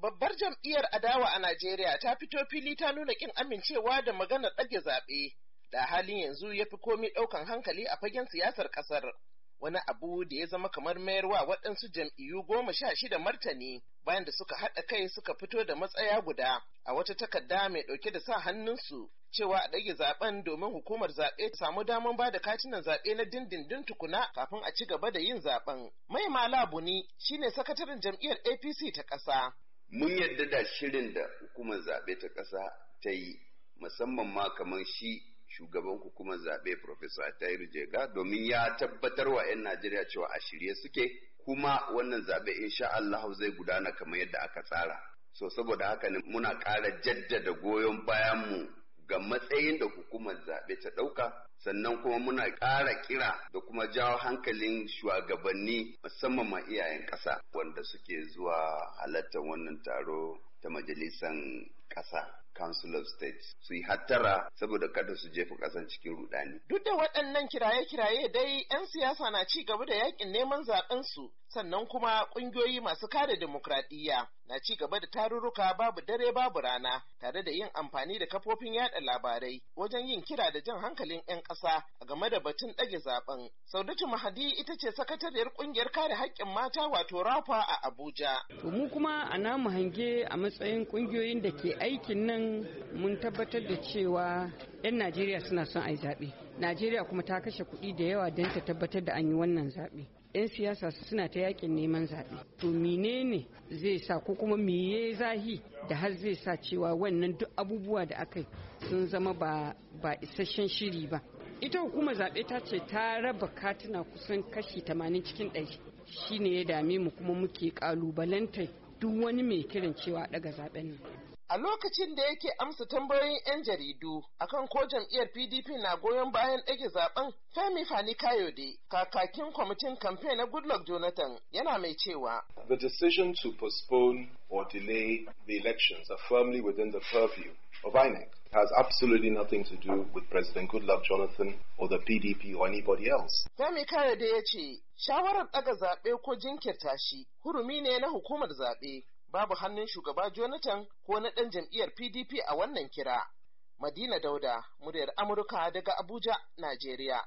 Babbar jam'iyyar adawa a Najeriya ta fito fili ta nuna kin amincewa da maganar ɗage zaɓe, da halin yanzu ya fi komi ɗaukan hankali a fagen siyasar ƙasar. Wani abu da ya zama kamar mayarwa waɗansu jam'iyyu goma sha shida martani bayan da suka haɗa kai suka fito da matsaya guda a wata takarda mai ɗauke da sa hannunsu cewa a ɗage zaɓen domin hukumar zaɓe ta samu damar ba da katinan zaɓe na dindindin tukuna kafin a ci gaba da yin zaben. Mai Malabuni shine sakataren jam'iyyar APC ta ƙasa. mun yadda da shirin da hukumar zaɓe ta ƙasa ta yi musamman ma kamar shi shugaban hukumar zaɓe Profesa Tairu Jega domin ya tabbatar wa 'yan Najeriya cewa a shirye suke kuma wannan zaɓe insha Allah zai gudana kamar yadda aka tsara. So saboda haka ne muna ƙara jaddada goyon bayanmu ga matsayin da hukumar zaɓe ta ɗauka sannan kuma muna ƙara kira da kuma jawo hankalin shugabanni musamman ma iyayen ƙasa wanda suke zuwa halartar wannan taro ta majalisan ƙasa Council of State su yi hattara saboda kada su jefa ƙasan cikin rudani. Duk da waɗannan kiraye-kiraye dai 'yan siyasa na ci gaba da yakin neman zaɓen su sannan kuma ƙungiyoyi masu kare demokradiyya na ci gaba da tarurruka babu dare babu rana tare da yin amfani da kafofin yada labarai wajen yin kira da jan hankalin 'yan ƙasa a game da batun ɗage zaben. Saudatu Mahadi ita ce sakatariyar ƙungiyar kare haƙƙin mata wato Rafa a Abuja. To mu kuma a namu hange a matsayin kungiyoyin da ke aikin nan mun tabbatar da cewa 'yan najeriya suna son a yi zaɓe najeriya kuma ta kashe kuɗi da yawa don ta tabbatar da an yi wannan zaɓe 'yan siyasa suna ta yakin neman zaɓe to menene zai sa ko kuma meye zahi da har zai sa cewa wannan duk abubuwa da aka yi sun zama ba ba isasshen shiri ba ita hukumar zaɓe ta ce ta raba katina kusan kashi 80 cikin 100 shine ya dame mu kuma muke kalubalantar duk wani mai kiran cewa daga zaben ne. a lokacin da yake amsa tambayoyin 'yan jaridu akan ko jam'iyyar pdp na goyon bayan ɗage zaben femi fani kayode kakakin kwamitin kamfe na goodluck jonathan yana mai cewa the decision to postpone or delay the elections are firmly within the purview of inec has absolutely nothing to do with President Goodluck Jonathan or the PDP or anybody else. Sami Kayode ya ce, shawarar ɗaga zaɓe ko jinkirta shi hurumi ne na hukumar zaɓe, babu hannun shugaba Jonathan ko na ɗan jam'iyyar PDP a wannan kira. Madina Dauda, muryar Amurka daga Abuja, Najeriya.